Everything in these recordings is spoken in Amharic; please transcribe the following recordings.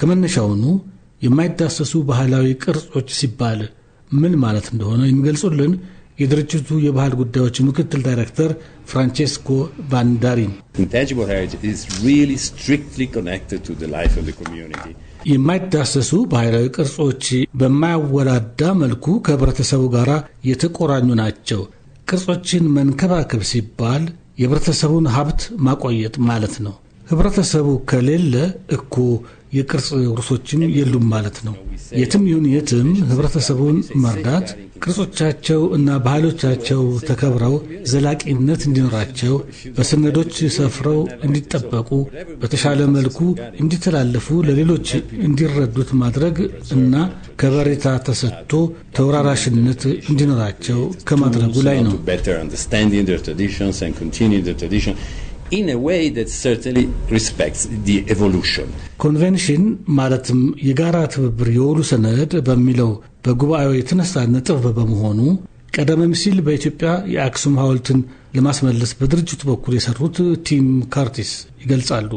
ከመነሻውኑ የማይዳሰሱ ባህላዊ ቅርጾች ሲባል ምን ማለት እንደሆነ የሚገልጹልን የድርጅቱ የባህል ጉዳዮች ምክትል ዳይሬክተር ፍራንቼስኮ ቫንዳሪን የማይዳሰሱ ባህላዊ ቅርጾች በማያወላዳ መልኩ ከህብረተሰቡ ጋር የተቆራኙ ናቸው። ቅርጾችን መንከባከብ ሲባል የህብረተሰቡን ሀብት ማቆየጥ ማለት ነው። ህብረተሰቡ ከሌለ እኮ የቅርጽ ውርሶችም የሉም ማለት ነው። የትም ይሁን የትም ህብረተሰቡን መርዳት ቅርጾቻቸው እና ባህሎቻቸው ተከብረው ዘላቂነት እንዲኖራቸው በሰነዶች ሰፍረው እንዲጠበቁ በተሻለ መልኩ እንዲተላለፉ ለሌሎች እንዲረዱት ማድረግ እና ከበሬታ ተሰጥቶ ተወራራሽነት እንዲኖራቸው ከማድረጉ ላይ ነው። in a way that certainly respects the evolution ኮንቬንሽን ማለትም የጋራ ትብብር የውሉ ሰነድ በሚለው በጉባኤው የተነሳ ነጥብ በመሆኑ ቀደምም ሲል በኢትዮጵያ የአክሱም ሐውልትን ለማስመለስ በድርጅቱ በኩል የሰሩት ቲም ካርቲስ ይገልጻሉ።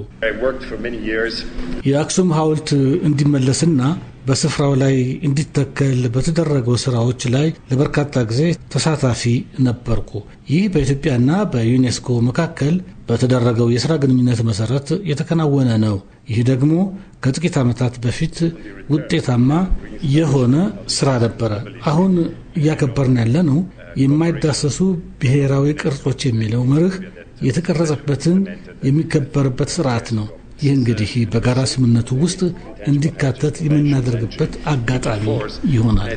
የአክሱም ሐውልት እንዲመለስና በስፍራው ላይ እንዲተከል በተደረገው ስራዎች ላይ ለበርካታ ጊዜ ተሳታፊ ነበርኩ። ይህ በኢትዮጵያና በዩኔስኮ መካከል በተደረገው የሥራ ግንኙነት መሠረት የተከናወነ ነው። ይህ ደግሞ ከጥቂት ዓመታት በፊት ውጤታማ የሆነ ሥራ ነበረ። አሁን እያከበርን ያለ ነው የማይዳሰሱ ብሔራዊ ቅርጾች የሚለው መርህ የተቀረጸበትን የሚከበርበት ስርዓት ነው። ይህ እንግዲህ በጋራ ስምምነቱ ውስጥ እንዲካተት የምናደርግበት አጋጣሚ ይሆናል።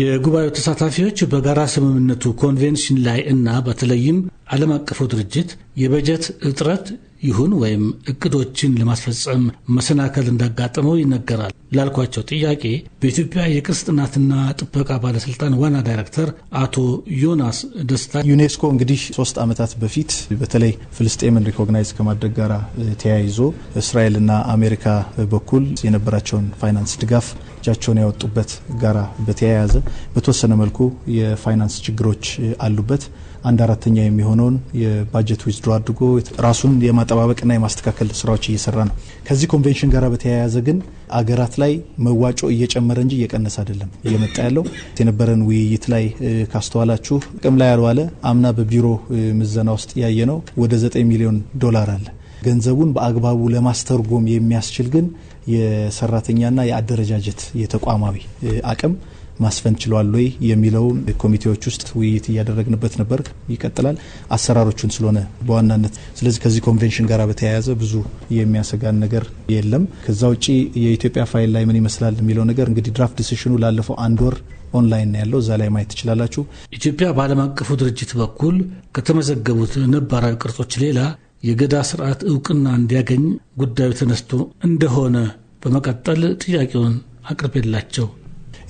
የጉባኤው ተሳታፊዎች በጋራ ስምምነቱ ኮንቬንሽን ላይ እና በተለይም ዓለም አቀፉ ድርጅት የበጀት እጥረት ይሁን ወይም እቅዶችን ለማስፈጸም መሰናከል እንዳጋጠመው ይነገራል ላልኳቸው ጥያቄ በኢትዮጵያ የቅርስ ጥናትና ጥበቃ ባለስልጣን ዋና ዳይሬክተር አቶ ዮናስ ደስታ ዩኔስኮ እንግዲህ ሶስት ዓመታት በፊት በተለይ ፍልስጤምን ሪኮግናይዝ ከማድረግ ጋር ተያይዞ እስራኤልና አሜሪካ በኩል የነበራቸውን ፋይናንስ ድጋፍ እጃቸውን ያወጡበት ጋራ በተያያዘ በተወሰነ መልኩ የፋይናንስ ችግሮች አሉበት። አንድ አራተኛ የሚሆነውን የባጀት ዊዝድሮ አድርጎ ራሱን የማጠባበቅና የማስተካከል ስራዎች እየሰራ ነው። ከዚህ ኮንቬንሽን ጋር በተያያዘ ግን አገራት ላይ መዋጮ እየጨመረ እንጂ እየቀነሰ አይደለም እየመጣ ያለው። የነበረን ውይይት ላይ ካስተዋላችሁ ጥቅም ላይ ያልዋለ አምና በቢሮ ምዘና ውስጥ ያየ ነው ወደ 9 ሚሊዮን ዶላር አለ። ገንዘቡን በአግባቡ ለማስተርጎም የሚያስችል ግን የሰራተኛና የአደረጃጀት የተቋማዊ አቅም ማስፈን ችሏል ወይ የሚለው ኮሚቴዎች ውስጥ ውይይት እያደረግንበት ነበር። ይቀጥላል። አሰራሮቹን ስለሆነ በዋናነት ስለዚህ ከዚህ ኮንቬንሽን ጋር በተያያዘ ብዙ የሚያሰጋን ነገር የለም። ከዛ ውጭ የኢትዮጵያ ፋይል ላይ ምን ይመስላል የሚለው ነገር እንግዲህ ድራፍት ዲሲሽኑ ላለፈው አንድ ወር ኦንላይን ነው ያለው። እዛ ላይ ማየት ትችላላችሁ። ኢትዮጵያ በዓለም አቀፉ ድርጅት በኩል ከተመዘገቡት ነባራዊ ቅርጾች ሌላ የገዳ ስርዓት እውቅና እንዲያገኝ ጉዳዩ ተነስቶ እንደሆነ በመቀጠል ጥያቄውን አቅርቤላቸው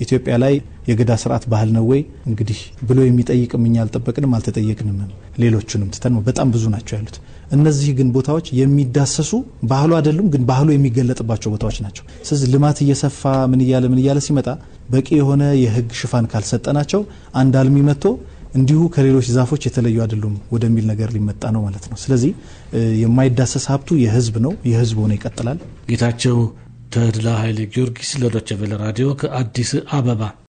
ኢትዮጵያ ላይ የገዳ ስርዓት ባህል ነው ወይ እንግዲህ ብሎ የሚጠይቅም እኛ አልጠበቅንም አልተጠየቅንም። ሌሎቹንም ትተን በጣም ብዙ ናቸው ያሉት። እነዚህ ግን ቦታዎች የሚዳሰሱ ባህሉ አይደሉም፣ ግን ባህሉ የሚገለጥባቸው ቦታዎች ናቸው። ስለዚህ ልማት እየሰፋ ምን እያለ ምን እያለ ሲመጣ በቂ የሆነ የህግ ሽፋን ካልሰጠናቸው አንድ አልሚ መጥቶ እንዲሁ ከሌሎች ዛፎች የተለዩ አይደሉም ወደሚል ነገር ሊመጣ ነው ማለት ነው። ስለዚህ የማይዳሰስ ሀብቱ የህዝብ ነው፣ የህዝብ ሆነ ይቀጥላል። ጌታቸው ተድላ ኃይለ ጊዮርጊስ ለዶቸቬለ ራዲዮ ከአዲስ አበባ